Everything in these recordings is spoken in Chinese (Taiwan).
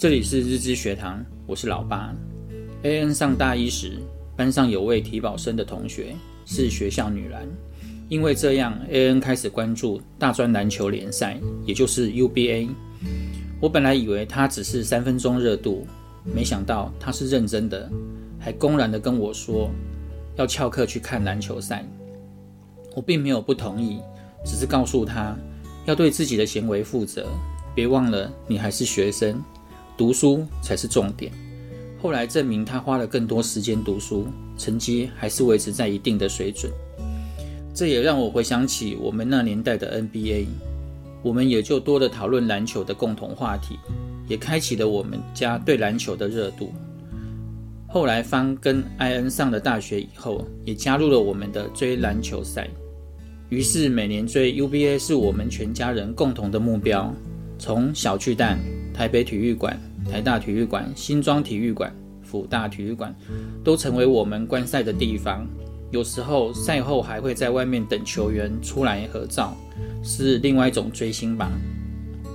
這裡是日之學堂，我是老爸。A N 上大一時，班上有位體保生的同學是學校女籃，因為這樣，A N 開始關注大專籃球聯賽，也就是 U B A。我本來以為她只是三分鐘熱度，沒想到她是認真的，還公然地跟我說要翹課去看籃球賽。我並沒有不同意，只是告訴她要對自己的行為負責，別忘了你還是學生。讀書才是重點。後來證明他花了更多時間讀書，成績還是維持在一定的水準。這也讓我回想起我們那年代的 NBA，我們也就多了討論籃球的共同話題，也開啟了我們家對籃球的熱度。後來方跟艾恩上了大學以後，也加入了我們的追籃球賽。於是每年追 UBA 是我們全家人共同的目標，從小巨蛋、台北體育館、台大體育館、新莊體育館、輔大體育館，都成為我們觀賽的地方。有時候賽後還會在外面等球員出來合照，是另外一種追星吧。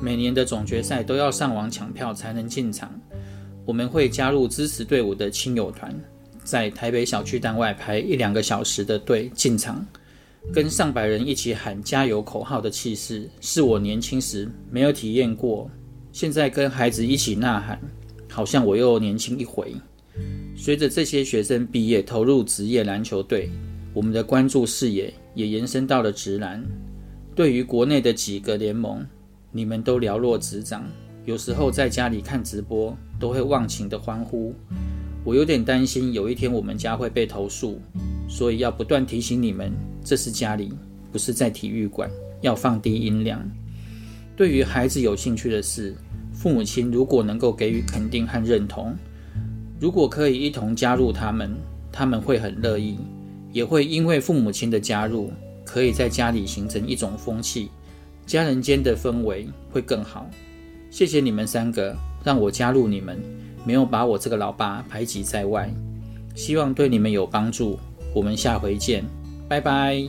每年的總決賽都要上網搶票才能進場，我們會加入支持隊伍的親友團，在台北小巨蛋外排一兩個小時的隊進場，跟上百人一起喊加油口號的氣勢，是我年輕時沒有體驗過。現在跟孩子一起吶喊，好像我又年輕一回。隨着這些學生畢業，投入職業籃球隊，我們的關注視野也延伸到了職籃。對於國內的幾個聯盟，你們都了若指掌。有時候在家裡看直播，都會忘情的歡呼。我有點擔心，有一天我們家會被投訴，所以要不斷提醒你們，這是家裡，不是在體育館，要放低音量。對於孩子有興趣的事，父母親如果能夠給予肯定和認同，如果可以一同加入他們，他們會很樂意，也會因為父母親的加入，可以在家裡形成一種風氣，家人間的氛圍會更好。謝謝你們三個，讓我加入你們，沒有把我這個老爸排擠在外。希望對你們有幫助，我們下回見，拜拜。